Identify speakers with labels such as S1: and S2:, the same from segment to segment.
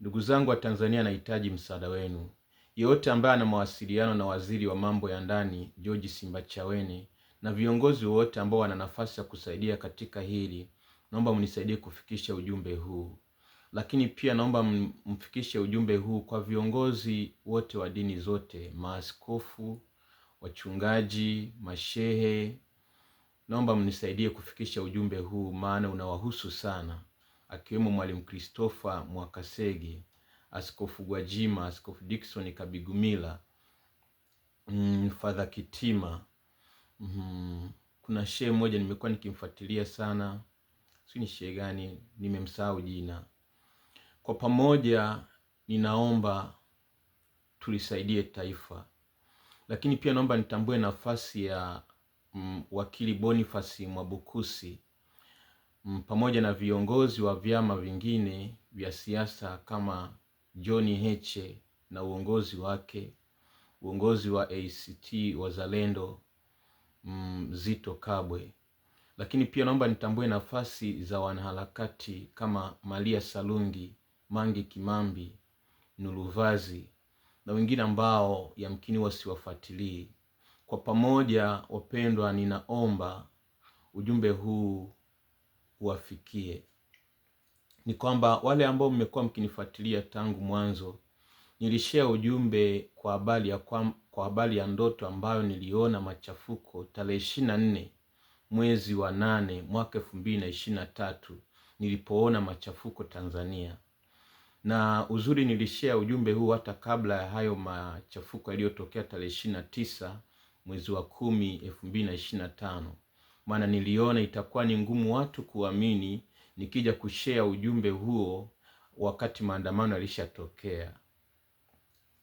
S1: Ndugu zangu wa Tanzania, nahitaji msaada wenu. Yeyote ambaye ana mawasiliano na waziri wa mambo ya ndani George Simbachawene na viongozi wote ambao wana nafasi ya kusaidia katika hili, naomba mnisaidie kufikisha ujumbe huu. Lakini pia naomba mfikishe ujumbe huu kwa viongozi wote wa dini zote, maaskofu, wachungaji, mashehe. Naomba mnisaidie kufikisha ujumbe huu, maana unawahusu sana akiwemo Mwalimu Christopher Mwakasege, Askofu Gwajima, Askofu Dickson Kabigumila, mm, Father Kitima. Mm, kuna shehe mmoja nimekuwa nikimfuatilia sana, si ni shehe gani, nimemsahau jina. Kwa pamoja ninaomba tulisaidie taifa, lakini pia naomba nitambue nafasi ya mm, wakili Boniface Mwabukusi Mm, pamoja na viongozi wa vyama vingine vya siasa kama John Heche na uongozi wake, uongozi wa ACT Wazalendo, mm, Zito Kabwe. Lakini pia naomba nitambue nafasi za wanaharakati kama Maria Salungi, mangi Kimambi, Nuluvazi na wengine ambao yamkini wasiwafuatilii. Kwa pamoja, wapendwa, ninaomba ujumbe huu uwafikie. Ni kwamba wale ambao mmekuwa mkinifuatilia tangu mwanzo, nilishea ujumbe kwa habari ya kwa, kwa habari ya ndoto ambayo niliona machafuko tarehe ishirini na nne mwezi wa nane mwaka elfu mbili na ishirini na tatu nilipoona machafuko Tanzania na uzuri nilishea ujumbe huu hata kabla ya hayo machafuko yaliyotokea tarehe ishirini na tisa mwezi wa kumi elfu mbili na ishirini na tano maana niliona itakuwa ni ngumu watu kuamini nikija kushea ujumbe huo wakati maandamano yalishatokea.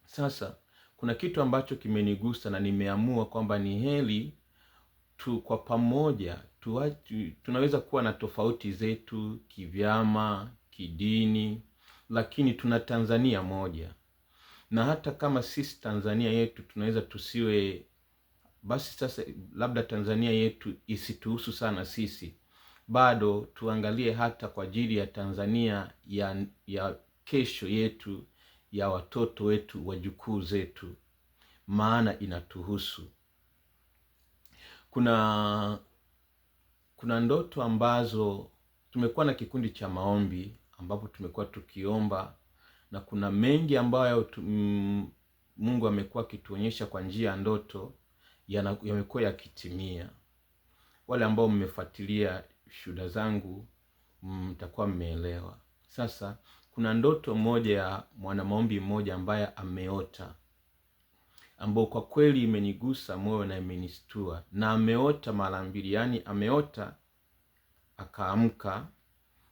S1: Sasa kuna kitu ambacho kimenigusa na nimeamua kwamba ni heli tu kwa pamoja tu, tu, tunaweza kuwa na tofauti zetu kivyama, kidini, lakini tuna Tanzania moja, na hata kama sisi Tanzania yetu tunaweza tusiwe basi sasa labda Tanzania yetu isituhusu sana sisi, bado tuangalie hata kwa ajili ya Tanzania ya, ya kesho yetu ya watoto wetu wajukuu zetu, maana inatuhusu. Kuna kuna ndoto ambazo tumekuwa na kikundi cha maombi ambapo tumekuwa tukiomba na kuna mengi ambayo mm, Mungu amekuwa akituonyesha kwa njia ya ndoto yamekuwa yakitimia. Wale ambao mmefuatilia shuhuda zangu mtakuwa mmeelewa. Sasa kuna ndoto moja ya mwanamaombi mmoja ambaye ameota, ambao kwa kweli imenigusa moyo na imenistua, na ameota mara mbili, yaani ameota akaamka,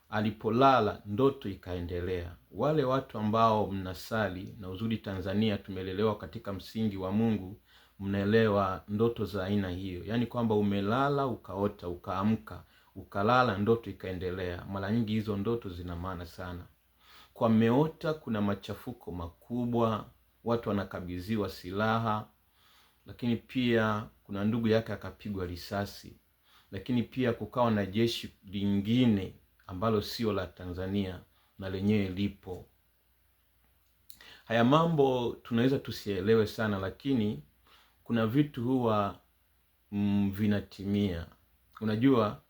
S1: alipolala ndoto ikaendelea. Wale watu ambao mnasali na uzuri, Tanzania tumelelewa katika msingi wa Mungu, mnaelewa ndoto za aina hiyo, yaani kwamba umelala ukaota, ukaamka, ukalala, ndoto ikaendelea. Mara nyingi hizo ndoto zina maana sana. Kwa mmeota, kuna machafuko makubwa, watu wanakabidhiwa silaha, lakini pia kuna ndugu yake akapigwa risasi, lakini pia kukawa na jeshi lingine ambalo sio la Tanzania na lenyewe lipo. Haya mambo tunaweza tusielewe sana, lakini kuna vitu huwa mm, vinatimia. Unajua,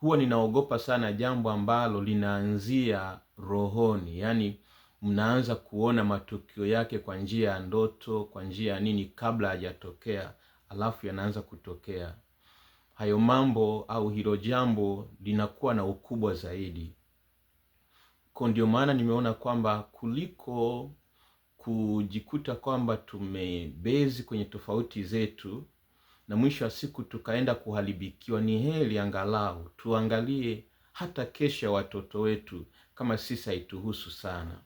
S1: huwa ninaogopa sana jambo ambalo linaanzia rohoni, yaani mnaanza kuona matukio yake kwa njia ya ndoto, kwa njia ya nini, kabla hajatokea, alafu yanaanza kutokea hayo mambo au hilo jambo linakuwa na ukubwa zaidi. Kwa ndio maana nimeona kwamba kuliko kujikuta kwamba tumebezi kwenye tofauti zetu na mwisho wa siku tukaenda kuharibikiwa, ni heri angalau tuangalie hata kesha watoto wetu, kama sisi haituhusu sana.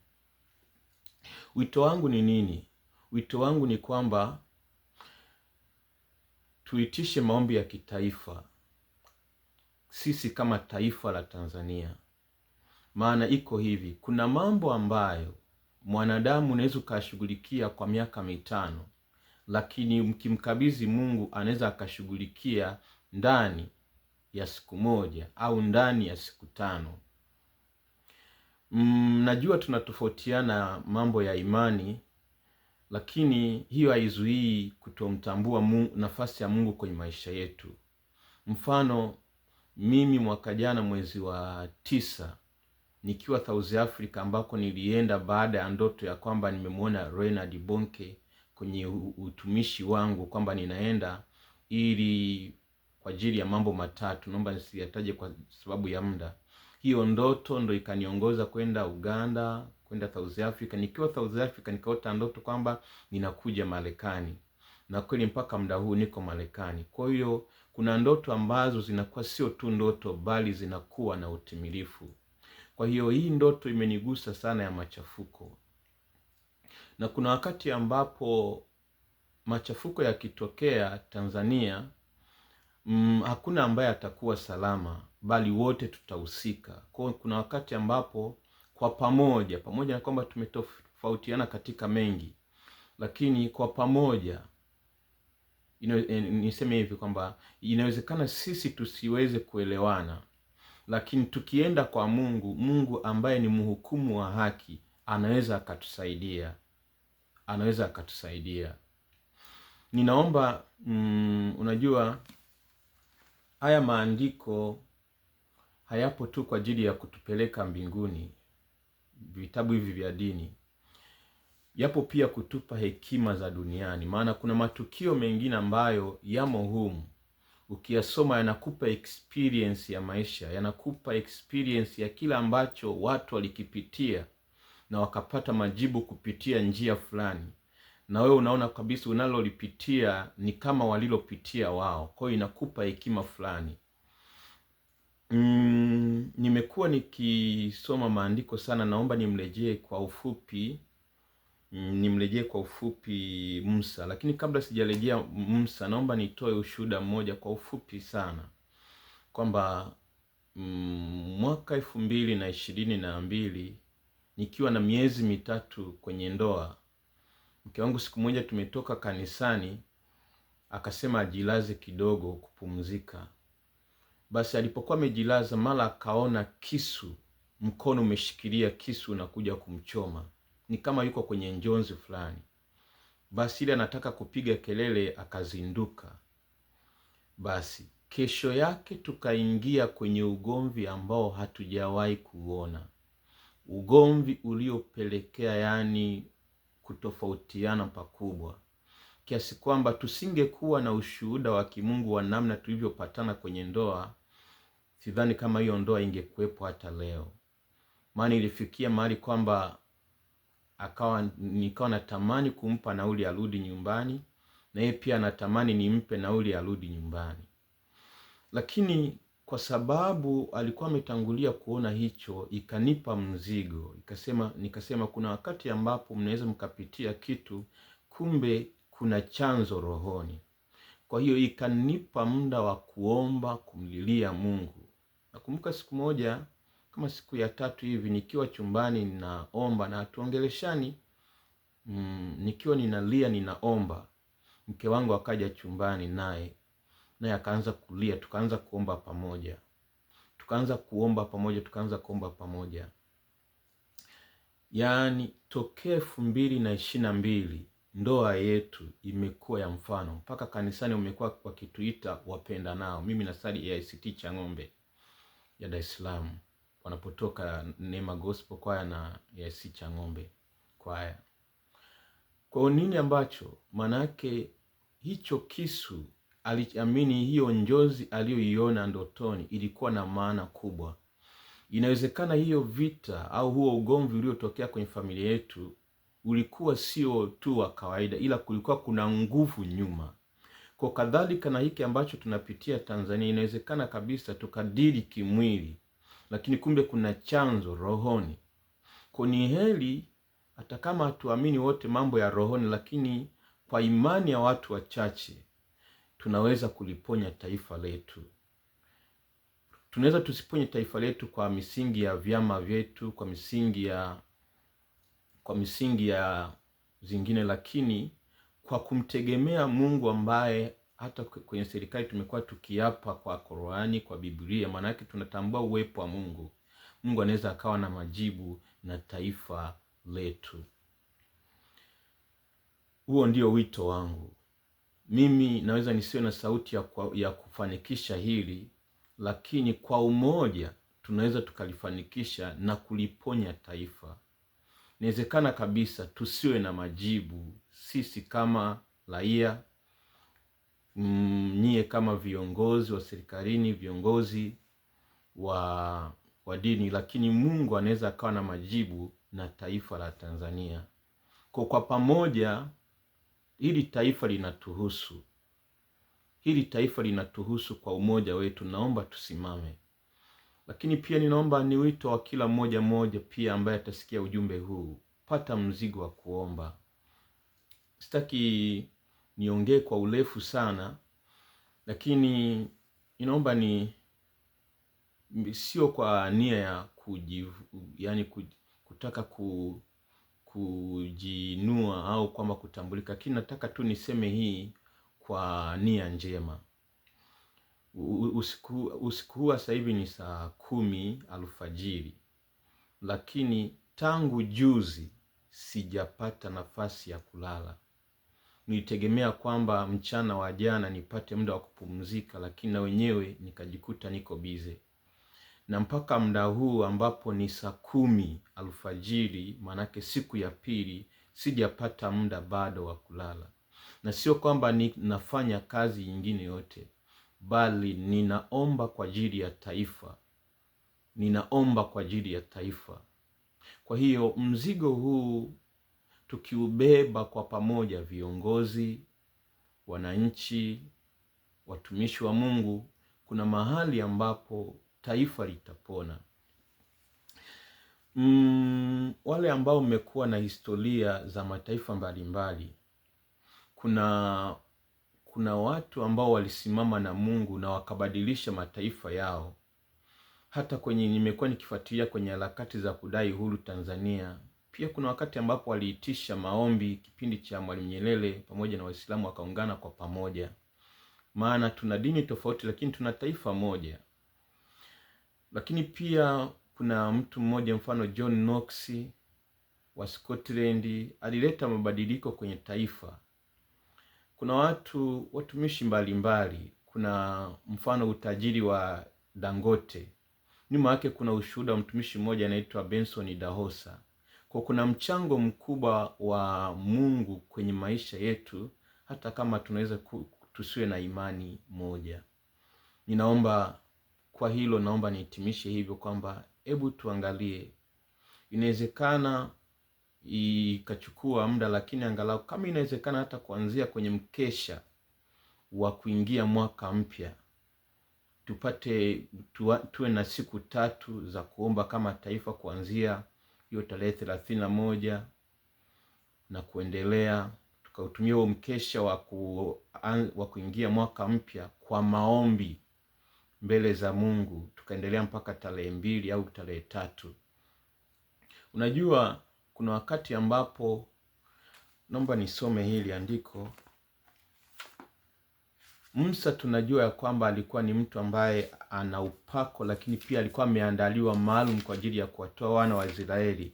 S1: Wito wangu ni nini? Wito wangu ni kwamba tuitishe maombi ya kitaifa, sisi kama taifa la Tanzania, maana iko hivi, kuna mambo ambayo mwanadamu unaweza ukashughulikia kwa miaka mitano, lakini mkimkabidhi Mungu anaweza akashughulikia ndani ya siku moja au ndani ya siku tano. Mm, tunatofautiana mambo ya imani, lakini hiyo haizuii kutomtambua nafasi ya Mungu kwenye maisha yetu. Mfano, mimi mwaka jana mwezi wa tisa nikiwa South Africa ambako nilienda baada ya ndoto ya kwamba nimemwona Renard Bonke kwenye utumishi wangu kwamba ninaenda ili kwa ajili ya mambo matatu, naomba nisiyataje kwa sababu ya muda. Hiyo ndoto ndo ikaniongoza kwenda Uganda, kwenda South Africa. Nikiwa South Africa nikaota ndoto kwamba ninakuja Marekani, na kweli mpaka muda huu niko Marekani. Kwa hiyo kuna ndoto ambazo zinakuwa sio tu ndoto, bali zinakuwa na utimilifu. Kwa hiyo hii ndoto imenigusa sana ya machafuko, na kuna wakati ambapo machafuko yakitokea Tanzania mm, hakuna ambaye atakuwa salama, bali wote tutahusika. Kwa hiyo kuna wakati ambapo kwa pamoja, pamoja na kwamba tumetofautiana katika mengi, lakini kwa pamoja ino, eh, niseme hivi kwamba inawezekana sisi tusiweze kuelewana, lakini tukienda kwa Mungu, Mungu ambaye ni mhukumu wa haki anaweza akatusaidia, anaweza akatusaidia. Ninaomba mm, unajua haya maandiko hayapo tu kwa ajili ya kutupeleka mbinguni, vitabu hivi vya dini yapo pia kutupa hekima za duniani, maana kuna matukio mengine ambayo yamo humu ukiyasoma yanakupa experience ya maisha, yanakupa experience ya kila ambacho watu walikipitia na wakapata majibu kupitia njia fulani, na wewe unaona kabisa unalolipitia ni kama walilopitia wao. Kwa hiyo inakupa hekima fulani. Mm, nimekuwa nikisoma maandiko sana, naomba nimrejee kwa ufupi nimrejee kwa ufupi Musa, lakini kabla sijarejea Musa, naomba nitoe ushuhuda mmoja kwa ufupi sana kwamba mwaka elfu mbili na ishirini na mbili nikiwa na miezi mitatu kwenye ndoa, mke wangu siku moja tumetoka kanisani, akasema ajilaze kidogo kupumzika. Basi alipokuwa amejilaza, mara akaona kisu, mkono umeshikilia kisu na kuja kumchoma ni kama yuko kwenye njonzi fulani. Basi anataka kupiga kelele, akazinduka. Basi kesho yake tukaingia kwenye ugomvi ambao hatujawahi kuona, ugomvi uliopelekea yani kutofautiana pakubwa kiasi kwamba tusingekuwa na ushuhuda wa kimungu wa namna tulivyopatana kwenye ndoa, sidhani kama hiyo ndoa ingekuwepo hata leo. Maana ilifikia mahali kwamba akawa nikawa natamani kumpa nauli arudi nyumbani, na yeye pia anatamani nimpe nauli arudi nyumbani, lakini kwa sababu alikuwa ametangulia kuona hicho, ikanipa mzigo, ikasema nikasema kuna wakati ambapo mnaweza mkapitia kitu, kumbe kuna chanzo rohoni. Kwa hiyo ikanipa muda wa kuomba, kumlilia Mungu. Nakumbuka siku moja kama siku ya tatu hivi nikiwa chumbani ninaomba na tuongeleshani mm, nikiwa ninalia ninaomba, mke wangu akaja chumbani naye naye akaanza kulia, tukaanza kuomba pamoja, tukaanza kuomba pamoja, tukaanza kuomba pamoja. Yaani tokea elfu mbili na ishirini na mbili ndoa yetu imekuwa ya mfano, mpaka kanisani umekuwa wakituita wapenda nao Mimi nasali AICT Chang'ombe ya Dar es Salaam wanapotoka Neema Gospel kwaya na ya Sicha Ng'ombe kwaya. Kwa nini ambacho manake hicho kisu aliamini hiyo njozi aliyoiona ndotoni ilikuwa na maana kubwa. Inawezekana hiyo vita au huo ugomvi uliotokea kwenye familia yetu ulikuwa sio tu wa kawaida, ila kulikuwa kuna nguvu nyuma. Kwa kadhalika na hiki ambacho tunapitia Tanzania, inawezekana kabisa tukadili kimwili lakini kumbe kuna chanzo rohoni. Ni heri hata kama hatuamini wote mambo ya rohoni, lakini kwa imani ya watu wachache tunaweza kuliponya taifa letu. Tunaweza tusiponye taifa letu kwa misingi ya vyama vyetu, kwa misingi ya kwa misingi ya zingine, lakini kwa kumtegemea Mungu ambaye hata kwenye serikali tumekuwa tukiapa kwa Qur'ani, kwa Biblia, maanake tunatambua uwepo wa Mungu. Mungu anaweza akawa na majibu na taifa letu. Huo ndio wito wangu. Mimi naweza nisiwe na sauti ya, kwa, ya kufanikisha hili, lakini kwa umoja tunaweza tukalifanikisha na kuliponya taifa. Inawezekana kabisa tusiwe na majibu sisi kama raia Mm, nyie kama viongozi wa serikalini, viongozi wa, wa dini, lakini Mungu anaweza akawa na majibu na taifa la Tanzania kwa kwa pamoja. Hili taifa linatuhusu, hili taifa linatuhusu. Kwa umoja wetu, naomba tusimame, lakini pia ninaomba ni wito wa kila mmoja mmoja pia ambaye atasikia ujumbe huu, pata mzigo wa kuomba. Sitaki niongee kwa urefu sana, lakini inaomba ni sio kwa nia ya kujivu, yani kutaka ku, kujinua au kwamba kutambulika, lakini nataka tu niseme hii kwa nia njema. Usiku, usiku huu sasa hivi ni saa kumi alfajiri, lakini tangu juzi sijapata nafasi ya kulala nilitegemea kwamba mchana wa jana nipate muda wa kupumzika, lakini na wenyewe nikajikuta niko bize, na mpaka muda huu ambapo ni saa kumi alfajiri, maanake siku ya pili, sijapata muda bado wa kulala, na sio kwamba ninafanya kazi nyingine yote, bali ninaomba kwa ajili ya taifa, ninaomba kwa ajili ya taifa. Kwa hiyo mzigo huu tukiubeba kwa pamoja, viongozi, wananchi, watumishi wa Mungu, kuna mahali ambapo taifa litapona. Mm, wale ambao mmekuwa na historia za mataifa mbalimbali, kuna kuna watu ambao walisimama na Mungu na wakabadilisha mataifa yao. Hata kwenye nimekuwa nikifuatilia kwenye harakati za kudai uhuru Tanzania, pia kuna wakati ambapo waliitisha maombi kipindi cha Mwalimu Nyerere, pamoja na Waislamu wakaungana kwa pamoja, maana tuna dini tofauti, lakini tuna taifa moja. Lakini pia kuna mtu mmoja mfano John Knox wa Scotland alileta mabadiliko kwenye taifa. Kuna watu watumishi mbalimbali mbali. Kuna mfano utajiri wa Dangote, nyuma yake kuna ushuhuda wa mtumishi mmoja anaitwa Benson Dahosa kwa kuna mchango mkubwa wa Mungu kwenye maisha yetu, hata kama tunaweza tusiwe na imani moja. Ninaomba kwa hilo, naomba nihitimishe hivyo kwamba hebu tuangalie, inawezekana ikachukua muda, lakini angalau kama inawezekana, hata kuanzia kwenye mkesha wa kuingia mwaka mpya tupate tuwe na siku tatu za kuomba kama taifa kuanzia hiyo tarehe thelathini na moja na kuendelea, tukautumia huo mkesha wa kuingia mwaka mpya kwa maombi mbele za Mungu, tukaendelea mpaka tarehe mbili au tarehe tatu. Unajua kuna wakati ambapo, naomba nisome hili andiko Musa tunajua ya kwamba alikuwa ni mtu ambaye ana upako, lakini pia alikuwa ameandaliwa maalum kwa ajili ya kuwatoa wana wa Israeli.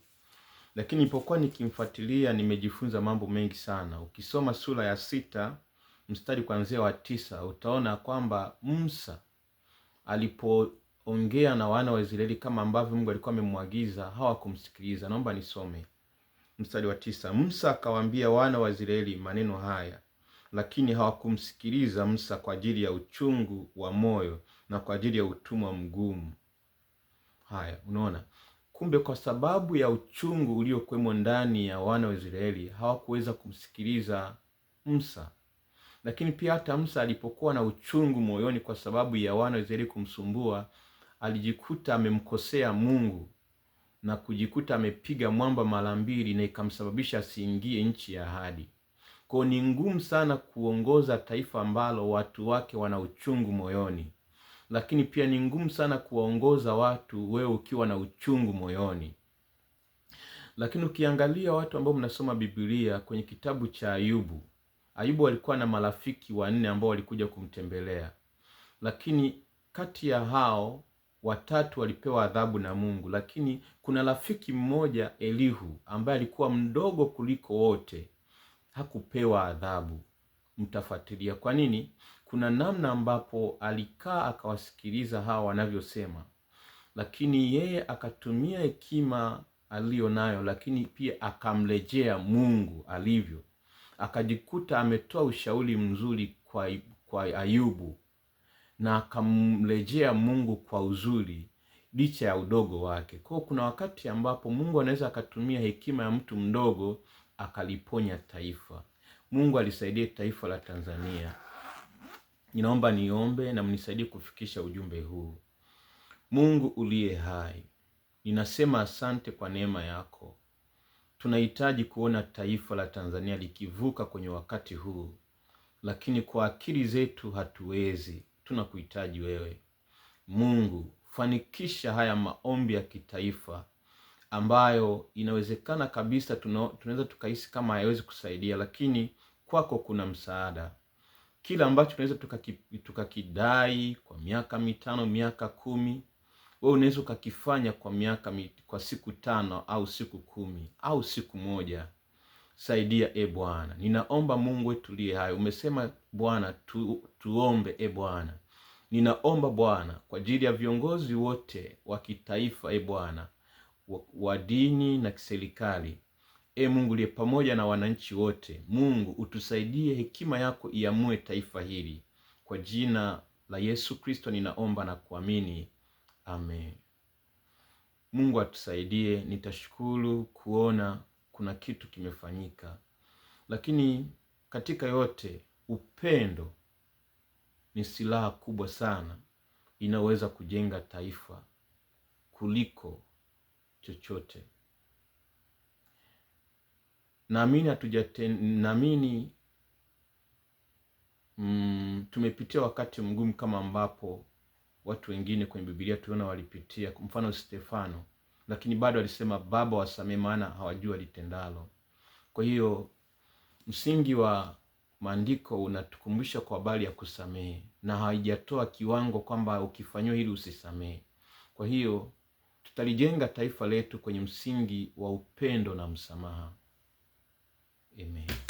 S1: Lakini nilipokuwa nikimfuatilia, nimejifunza mambo mengi sana. Ukisoma sura ya sita mstari kuanzia wa tisa utaona kwamba Musa alipoongea na wana wa Israeli kama ambavyo Mungu alikuwa amemwagiza, hawakumsikiliza. Naomba nisome mstari wa tisa. Musa akawaambia wana wa Israeli maneno haya lakini hawakumsikiliza Musa kwa ajili ya uchungu wa moyo na kwa ajili ya utumwa mgumu. Haya, unaona kumbe, kwa sababu ya uchungu uliokwemo ndani ya wana wa Israeli hawakuweza kumsikiliza Musa. Lakini pia hata Musa alipokuwa na uchungu moyoni kwa sababu ya wana wa Israeli kumsumbua, alijikuta amemkosea Mungu na kujikuta amepiga mwamba mara mbili, na ikamsababisha asiingie nchi ya ahadi. Kwa ni ngumu sana kuongoza taifa ambalo watu wake wana uchungu moyoni, lakini pia ni ngumu sana kuwaongoza watu wewe ukiwa na uchungu moyoni. Lakini ukiangalia watu ambao mnasoma Biblia kwenye kitabu cha Ayubu, Ayubu alikuwa na marafiki wanne ambao walikuja kumtembelea, lakini kati ya hao watatu walipewa adhabu na Mungu, lakini kuna rafiki mmoja Elihu ambaye alikuwa mdogo kuliko wote hakupewa adhabu. Mtafuatilia kwa nini. Kuna namna ambapo alikaa akawasikiliza hawa wanavyosema, lakini yeye akatumia hekima aliyo nayo, lakini pia akamrejea Mungu alivyo, akajikuta ametoa ushauri mzuri kwa, kwa Ayubu na akamrejea Mungu kwa uzuri licha ya udogo wake. Kwa kuna wakati ambapo Mungu anaweza akatumia hekima ya mtu mdogo akaliponya taifa. Mungu alisaidie taifa la Tanzania. Ninaomba niombe na mnisaidie kufikisha ujumbe huu. Mungu uliye hai, ninasema asante kwa neema yako. Tunahitaji kuona taifa la Tanzania likivuka kwenye wakati huu, lakini kwa akili zetu hatuwezi. Tunakuhitaji wewe Mungu, fanikisha haya maombi ya kitaifa ambayo inawezekana kabisa tunaweza tukahisi kama haiwezi kusaidia, lakini kwako kuna msaada. Kila ambacho tunaweza tukakidai tuka kwa miaka mitano, miaka kumi, wewe unaweza ukakifanya kwa miaka kwa siku tano au siku kumi au siku moja. Saidia e Bwana, ninaomba Mungu etulie hayo. Umesema Bwana tu, tuombe e Bwana. Ninaomba Bwana kwa ajili ya viongozi wote wa kitaifa e Bwana, wa dini na kiserikali. E Mungu liye pamoja na wananchi wote, Mungu utusaidie, hekima yako iamue taifa hili. Kwa jina la Yesu Kristo ninaomba na kuamini, amen. Mungu atusaidie. Nitashukuru kuona kuna kitu kimefanyika, lakini katika yote upendo ni silaha kubwa sana inaweza kujenga taifa kuliko chochote. Naamini naamini mm, tumepitia wakati mgumu kama ambapo watu wengine kwenye Biblia tuliona walipitia, kwa mfano Stefano, lakini bado alisema Baba wasamee, maana hawajua walitendalo. Kwa hiyo msingi wa maandiko unatukumbusha kwa habari ya kusamehe, na haijatoa kiwango kwamba ukifanyiwa hili usisamehe. Kwa hiyo tutalijenga taifa letu kwenye msingi wa upendo na msamaha. Amen.